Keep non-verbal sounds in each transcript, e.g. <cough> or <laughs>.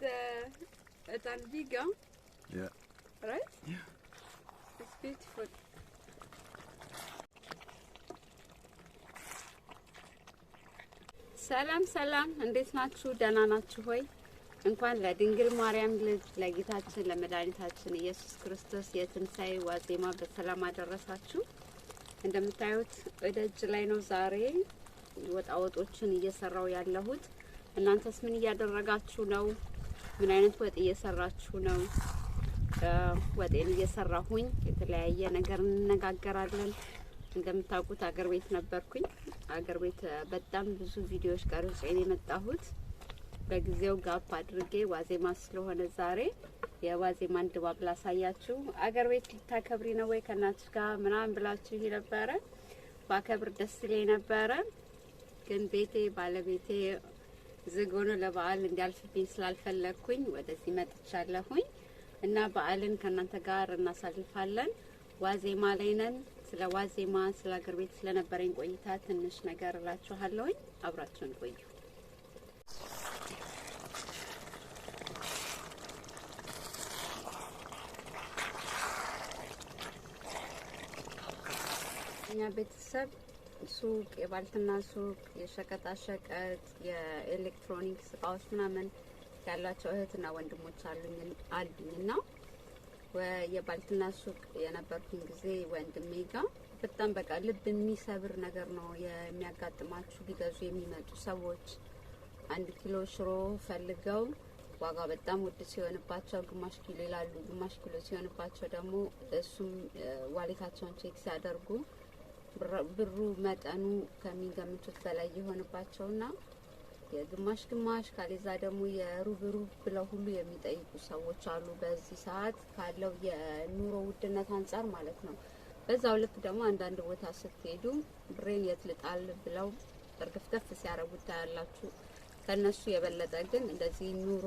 the at Albiga. Yeah. Right? Yeah. It's beautiful. ሰላም ሰላም፣ እንዴት ናችሁ? ደህና ናችሁ ሆይ? እንኳን ለድንግል ማርያም ልጅ ለጌታችን ለመድኃኒታችን ኢየሱስ ክርስቶስ የትንሣኤ ዋዜማ በሰላም አደረሳችሁ። እንደምታዩት ወደ ላይ ነው ዛሬ ወጣወጦችን እየሰራው ያለሁት። እናንተስ ምን እያደረጋችሁ ነው? ምን አይነት ወጥ እየሰራችሁ ነው? ወጤን እየሰራሁኝ የተለያየ ነገር እንነጋገራለን። እንደምታውቁት አገር ቤት ነበርኩኝ። አገር ቤት በጣም ብዙ ቪዲዮዎች ቀርጬ የመጣሁት። በጊዜው ጋፕ አድርጌ ዋዜማ ስለሆነ ዛሬ የዋዜማን ድባብ ላሳያችሁ። አገር ቤት ልታከብሪ ነው ወይ ከእናትሽ ጋር ምናምን ብላችሁ ነበረ። ባከብር ደስ ይለኝ ነበረ፣ ግን ቤቴ ባለቤቴ ዝግ ሆኖ ለበዓል እንዲያልፍብኝ ስላልፈለግኩኝ ወደዚህ መጥቻለሁኝ እና በዓልን ከእናንተ ጋር እናሳልፋለን። ዋዜማ ላይ ነን። ስለ ዋዜማ ስለ አገር ቤት ስለነበረኝ ቆይታ ትንሽ ነገር እላችኋለሁኝ። አብራችሁን ቆዩ። እኛ ቤተሰብ ሱቅ፣ የባልትና ሱቅ፣ የሸቀጣሸቀጥ፣ የኤሌክትሮኒክስ እቃዎች ምናምን ያሏቸው እህትና ወንድሞች አሉኝ አሉኝ ና የባልትና ሱቅ የነበርኩኝ ጊዜ ወንድሜ ጋር በጣም በቃ ልብ የሚሰብር ነገር ነው የሚያጋጥማችሁ። ሊገዙ የሚመጡ ሰዎች አንድ ኪሎ ሽሮ ፈልገው ዋጋ በጣም ውድ ሲሆንባቸው ግማሽ ኪሎ ይላሉ። ግማሽ ኪሎ ሲሆንባቸው ደግሞ እሱም ዋሌታቸውን ቼክ ሲያደርጉ ብሩ መጠኑ ከሚገምቱት በላይ የሆንባቸውና የግማሽ ግማሽ ካሌዛ ደግሞ የሩብ ሩብ ብለው ሁሉ የሚጠይቁ ሰዎች አሉ። በዚህ ሰዓት ካለው የኑሮ ውድነት አንጻር ማለት ነው። በዛው ልክ ደግሞ አንዳንድ ቦታ ስትሄዱ ብሬን የት ልጣል ብለው እርግፍተፍ ሲያረጉ ታያላችሁ። ከነሱ የበለጠ ግን እንደዚህ ኑሮ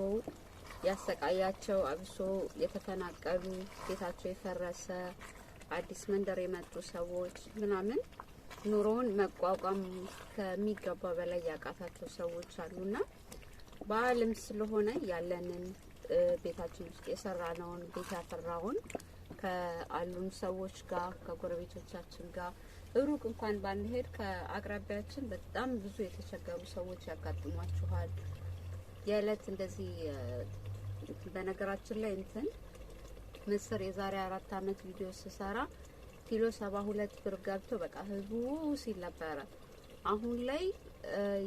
ያሰቃያቸው አብሶ የተፈናቀሉ ቤታቸው የፈረሰ አዲስ መንደር የመጡ ሰዎች ምናምን ኑሮውን መቋቋም ከሚገባ በላይ ያቃታቸው ሰዎች አሉና በዓልም ስለሆነ ያለንን ቤታችን ውስጥ የሰራነውን ቤት ያፈራውን ከአሉን ሰዎች ጋር ከጎረቤቶቻችን ጋር ሩቅ እንኳን ባንሄድ ከአቅራቢያችን በጣም ብዙ የተቸገሩ ሰዎች ያጋጥሟችኋል። የዕለት እንደዚህ በነገራችን ላይ እንትን ምስር የዛሬ አራት አመት ቪዲዮ ስሰራ ኪሎ ሰባ ሁለት ብር ገብቶ በቃ ህዝቡ ሲል ነበረ። አሁን ላይ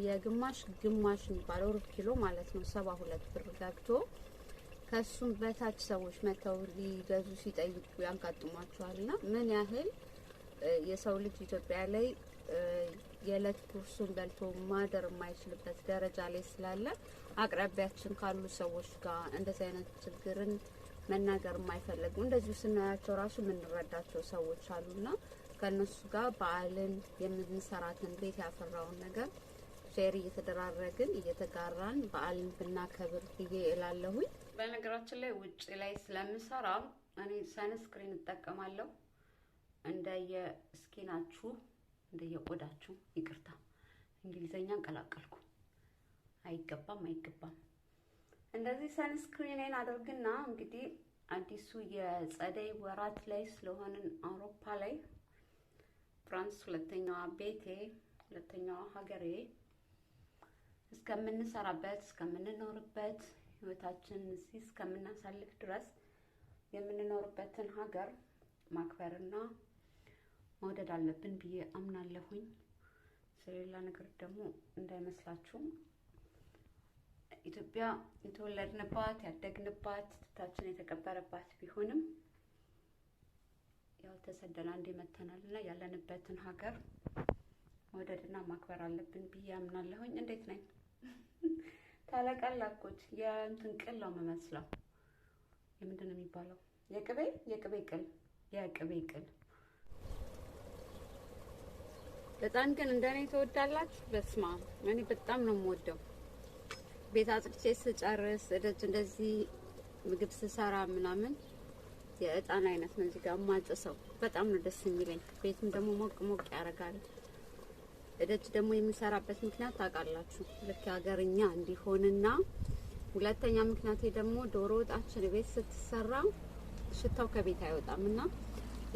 የግማሽ ግማሽ የሚባለው ሩብ ኪሎ ማለት ነው ሰባ ሁለት ብር ገብቶ ከሱም በታች ሰዎች መተው ሊገዙ ሲጠይቁ ያጋጥሟቸዋልና ምን ያህል የሰው ልጅ ኢትዮጵያ ላይ የዕለት ጉርሱን በልቶ ማደር የማይችልበት ደረጃ ላይ ስላለ አቅራቢያችን ካሉ ሰዎች ጋር እንደዚህ አይነት ችግርን መናገር የማይፈልጉ እንደዚሁ ስናያቸው ራሱ የምንረዳቸው ሰዎች አሉና ከእነሱ ጋር በዓልን የምንሰራትን ቤት ያፈራውን ነገር ሼር እየተደራረግን እየተጋራን በዓልን ብናከብር ብዬ እላለሁኝ። በነገራችን ላይ ውጭ ላይ ስለምሰራ እኔ ሰንስክሪን እጠቀማለሁ። እንደየስኪናችሁ እንደየቆዳችሁ፣ ይቅርታ እንግሊዘኛ እንቀላቀልኩ። አይገባም አይገባም እንደዚህ ሰንስክሪኔን አድርግና እንግዲህ አዲሱ የጸደይ ወራት ላይ ስለሆንን አውሮፓ ላይ ፍራንስ ሁለተኛዋ ቤቴ ሁለተኛዋ ሀገሬ እስከምንሰራበት እስከምንኖርበት ህይወታችን እዚህ እስከምናሳልፍ ድረስ የምንኖርበትን ሀገር ማክበርና መውደድ አለብን ብዬ አምናለሁኝ። ስለሌላ ነገር ደግሞ እንዳይመስላችሁም ኢትዮጵያ የተወለድንባት ያደግንባት ትታችን የተቀበረባት ቢሆንም ያው ተሰደን አንድ መተናል እና ያለንበትን ሀገር መውደድና ማክበር አለብን ብዬ አምናለሁኝ። እንዴት ነኝ <laughs> ታለቀላኩት የእንትን ቅል ነው የምመስለው። የምንድን ነው የሚባለው? የቅቤ የቅቤ ቅል የቅቤ ቅል። በጣም ግን እንደኔ ተወዳላች በስማ እኔ በጣም ነው የምወደው ቤት አጽድቼ ስጨርስ እደጅ እንደዚህ ምግብ ስሰራ ምናምን የእጣን አይነት ነው እዚህ ጋር ማጨሰው በጣም ነው ደስ የሚለኝ። ቤትም ደግሞ ሞቅ ሞቅ ያደርጋል። እደጅ ደግሞ የምሰራበት ምክንያት ታውቃላችሁ፣ ልክ ሀገርኛ እንዲሆንና ሁለተኛ ምክንያቴ ደግሞ ዶሮ ወጣችን ቤት ስትሰራ ሽታው ከቤት አይወጣም እና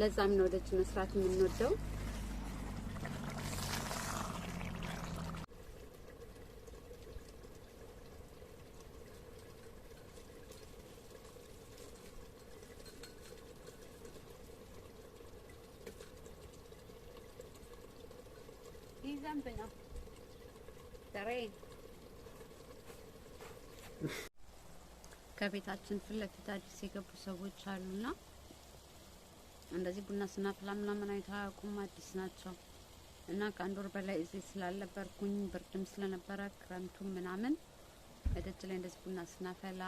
ለዛም ነው ደጅ መስራት የምንወደው። ቤታችን ፊት ለፊት አዲስ የገቡ ሰዎች አሉና እንደዚህ ቡና ስናፍላ ምናምን አይተው አያውቁም፣ አዲስ ናቸው እና ከአንድ ወር በላይ እዚህ ስላልነበርኩኝ ብርድም ስለነበረ ክረምቱ ምናምን እደጅ ላይ እንደዚህ ቡና ስናፈላ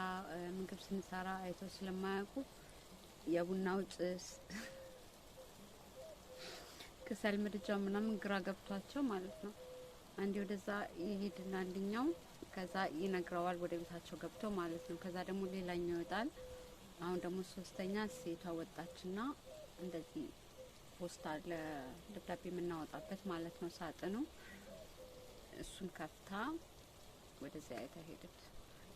ምግብ ስንሰራ አይተው ስለማያውቁ የቡናው ጭስ ክሰል <laughs> ምድጃው ምናምን ግራ ገብቷቸው ማለት ነው። አንዴ ወደዛ ይሄድና አንድኛው ከዛ ይነግረዋል ወደ ቤታቸው ገብቶ ማለት ነው። ከዛ ደግሞ ሌላኛው ይወጣል። አሁን ደግሞ ሶስተኛ ሴቷ ና እንደዚህ ፖስታ ለደብዳቤ የምናወጣበት ማለት ነው ሳጥኑ እሱን ከፍታ ወደዚያ አይታ ሄደች።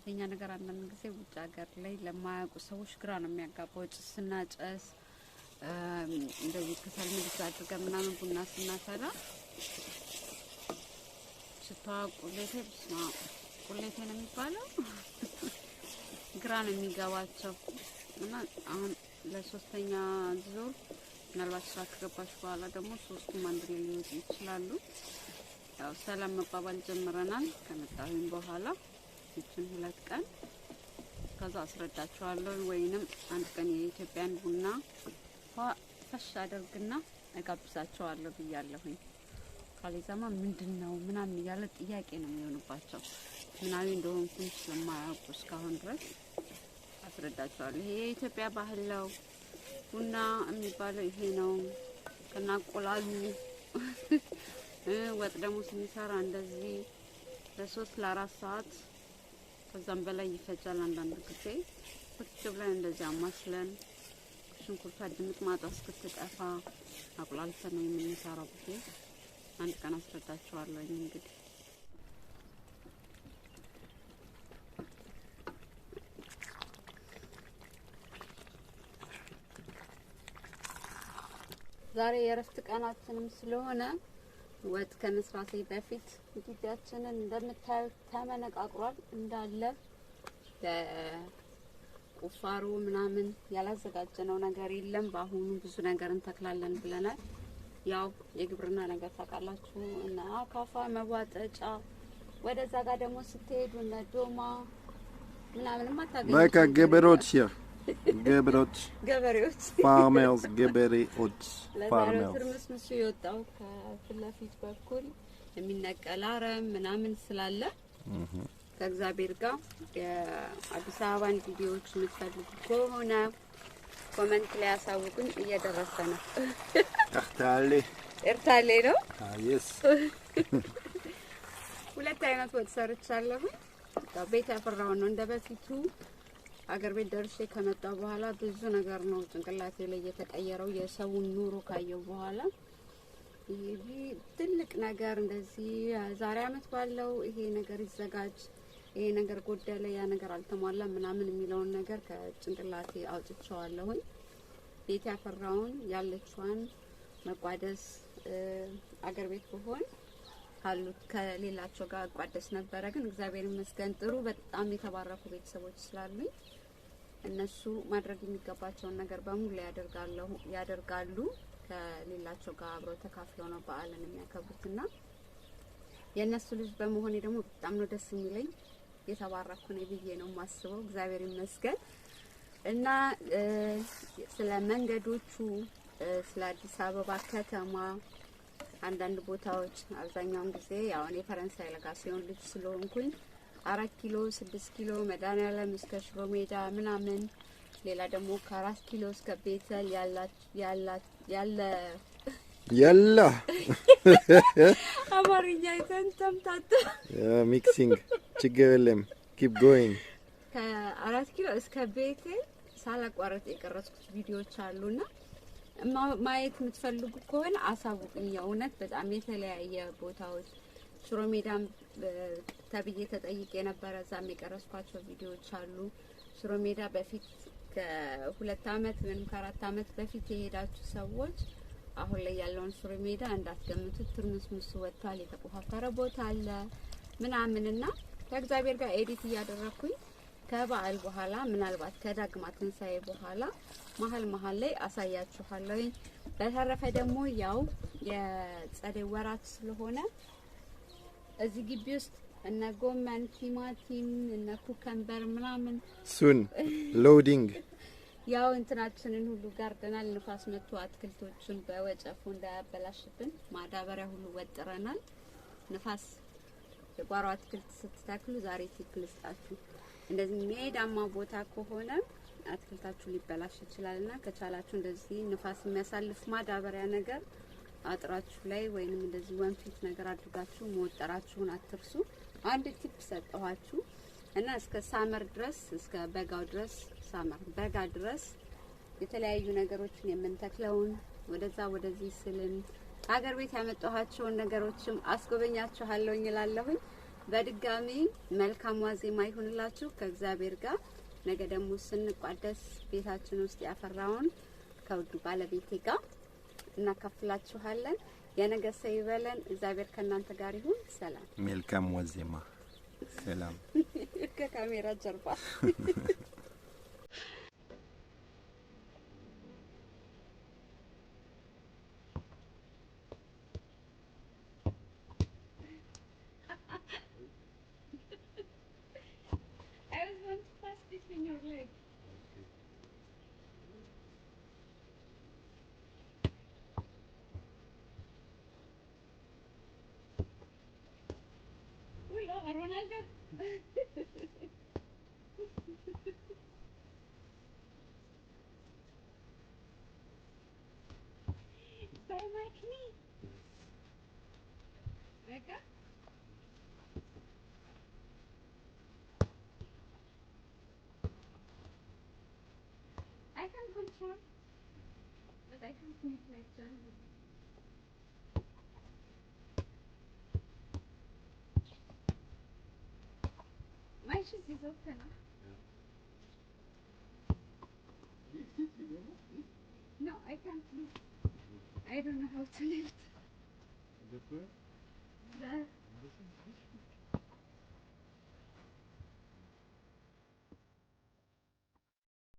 የኛ ነገር አንዳንድ ጊዜ ውጭ ሀገር ላይ ለማያውቁ ሰዎች ግራ ነው የሚያጋባው። ጭስና ጨስ እንደዚህ ከሰል ምድጃ አድርገን ምናምን ቡና ስናፈላ ሽታዋ ቁሌቴ ብስማ ቁሌቴ ነው የሚባለው ግራ ነው የሚገባቸው እና አሁን ለሶስተኛ ዙር ምናልባት ስራ ከገባች በኋላ ደግሞ ሶስቱም አንድ ላይ ሊወጡ ይችላሉ። ያው ሰላም መባባል ጀምረናል። ከመጣሁኝ በኋላ እችን ሁለት ቀን ከዛ አስረዳቸዋለሁ። ወይንም አንድ ቀን የኢትዮጵያን ቡና ፈሽ አደርግና እጋብዛቸዋለሁ ብያለሁኝ። ካሌዛማ ምንድን ነው ምናምን እያለ ጥያቄ ነው የሚሆንባቸው። ምናዊ እንደሆንኩኝ ስለማያውቁ እስካሁን ድረስ አስረዳቸዋለሁ። ይሄ የኢትዮጵያ ባህል ነው። ቡና የሚባለው ይሄ ነው ከናቆላሉ። <laughs> ወጥ ደግሞ ስንሰራ እንደዚህ ለሶስት ለአራት ሰዓት ከዛም በላይ ይፈጃል። አንዳንድ ጊዜ ቁጭ ብለን እንደዚህ አማስለን ሽንኩርቷ ድምጥ ማጣ እስክትጠፋ አቁላልተን ነው የምንሰራው። ጊዜ አንድ ቀን አስረዳቸዋለሁ እንግዲህ ዛሬ የእረፍት ቀናችንም ስለሆነ ወጥ ከመስራቴ በፊት ግቢያችንን እንደምታዩት ተመነቃቅሯል እንዳለ ቁፋሮ ምናምን ያላዘጋጀነው ነገር የለም። በአሁኑ ብዙ ነገር እንተክላለን ብለናል። ያው የግብርና ነገር ታውቃላችሁ እና አካፋ መቧጠጫ፣ ወደዛ ጋር ደግሞ ስትሄዱ እነ ዶማ ምናምን ማታገኙ ገበሬዎች ገበሬዎች ፋርመርስ ገበሬዎች ትርምስምሱ የወጣው ከፊት ለፊት በኩል የሚነቀል አረም ምናምን ስላለ ከእግዚአብሔር ጋር የአዲስ አበባን ቪዲዮዎች የምትፈልጉ ከሆነ ኮመንት ላይ ያሳውቁኝ። እየደረሰ ነው። ኤርታሌ ኤርታሌ ነው። አየስ ሁለት አይነት ወጥ ሰርቻለሁ። ቤት ያፈራውን ነው እንደ በፊቱ አገር ቤት ደርሴ ከመጣ በኋላ ብዙ ነገር ነው ጭንቅላቴ ላይ የተቀየረው። የሰውን ኑሮ ካየው በኋላ ይህ ትልቅ ነገር እንደዚህ ዛሬ አመት ባለው ይሄ ነገር ይዘጋጅ፣ ይሄ ነገር ጎደለ፣ ያ ነገር አልተሟላ ምናምን የሚለውን ነገር ከጭንቅላቴ አውጥቼዋለሁኝ። ቤት ያፈራውን ያለችዋን መቋደስ አገር ቤት ብሆን ካሉት ከሌላቸው ጋር እቋደስ ነበረ። ግን እግዚአብሔር ይመስገን ጥሩ በጣም የተባረኩ ቤተሰቦች ስላሉኝ እነሱ ማድረግ የሚገባቸውን ነገር በሙሉ ያደርጋሉ። ከሌላቸው ጋር አብረው ተካፍለው ነው በዓልን የሚያከብሩትና የእነሱ ልጅ በመሆኔ ደግሞ በጣም ነው ደስ የሚለኝ። የተባረኩ ነኝ ብዬ ነው የማስበው። እግዚአብሔር ይመስገን እና ስለ መንገዶቹ፣ ስለ አዲስ አበባ ከተማ አንዳንድ ቦታዎች አብዛኛውን ጊዜ ያው እኔ ፈረንሳይ ለጋ ሲሆን ልጅ ስለሆንኩኝ አራት ኪሎ ስድስት ኪሎ መድኃኒዓለም እስከ ሽሮ ሜዳ ምናምን፣ ሌላ ደግሞ ከአራት ኪሎ እስከ ቤተል ያለ ያላ <laughs> አማርኛ የተንተምታተ ሚክሲንግ ችግር የለም ኪፕ ጎይንግ ከአራት ኪሎ እስከ ቤቴ ሳላቋረጥ የቀረጽኩት ቪዲዮዎች አሉና ማየት የምትፈልጉ ከሆነ አሳውቅኝ። የእውነት በጣም የተለያየ ቦታዎች ሽሮ ሜዳም ተብዬ ተጠይቄ የነበረ እዛም የቀረስኳቸው ቪዲዮዎች አሉ። ሽሮ ሜዳ በፊት ከሁለት አመት ወይም ከአራት አመት በፊት የሄዳችሁ ሰዎች አሁን ላይ ያለውን ሽሮ ሜዳ እንዳትገምቱት። ትርምስምሱ ወጥቷል። የተቆፋፈረ ቦታ አለ ምናምንና ከእግዚአብሔር ጋር ኤዲት እያደረኩኝ ከበዓል በኋላ ምናልባት ከዳግማ ትንሳኤ በኋላ መሀል መሀል ላይ አሳያችኋለሁኝ። በተረፈ ደግሞ ያው የጸደይ ወራት ስለሆነ እዚህ ግቢ ውስጥ እነ ጎመን፣ ቲማቲም፣ እነ ኩከምበር ምናምን ሱን ሎዲንግ ያው እንትናችንን ሁሉ ጋርደናል። ንፋስ መጥቶ አትክልቶቹን በወጨፉ እንዳያበላሽብን ማዳበሪያ ሁሉ ወጥረናል። ንፋስ የጓሮ አትክልት ስትተክሉ ዛሬ ቲፕ ልስጣችሁ። እንደዚህ ሜዳማ ቦታ ከሆነ አትክልታችሁ ሊበላሽ ይችላል እና ከቻላችሁ እንደዚህ ንፋስ የሚያሳልፍ ማዳበሪያ ነገር አጥራችሁ ላይ ወይንም እንደዚህ ወንፊት ነገር አድርጋችሁ መወጠራችሁን አትርሱ። አንድ ቲፕ ሰጠኋችሁ እና እስከ ሳመር ድረስ እስከ በጋው ድረስ ሳመር በጋ ድረስ የተለያዩ ነገሮችን የምንተክለውን ወደዛ ወደዚህ ስልን ሀገር ቤት ያመጣኋቸውን ነገሮችም አስጎበኛችኋለሁ እላለሁኝ። በድጋሚ መልካም ዋዜማ ይሁንላችሁ ከእግዚአብሔር ጋር። ነገ ደግሞ ስንቋደስ ቤታችን ውስጥ ያፈራውን ከውዱ ባለቤቴ ጋር እናካፍላችኋለን። የነገ ሰው ይበለን። እግዚአብሔር ከእናንተ ጋር ይሁን። ሰላም። ሜልካም ወዜማ ሰላም <laughs> ከካሜራ ጀርባ <laughs> Ronaldo. Поймакни. Дека? I can control, but I can't make like John. she's his girlfriend ah no I can't lift I don't know how to lift dah